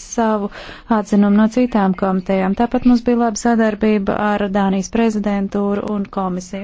savu atzinumu no citām komitejām. Tāpat mums bija laba sadarbība ar Dānijas prezidentūru un komisiju.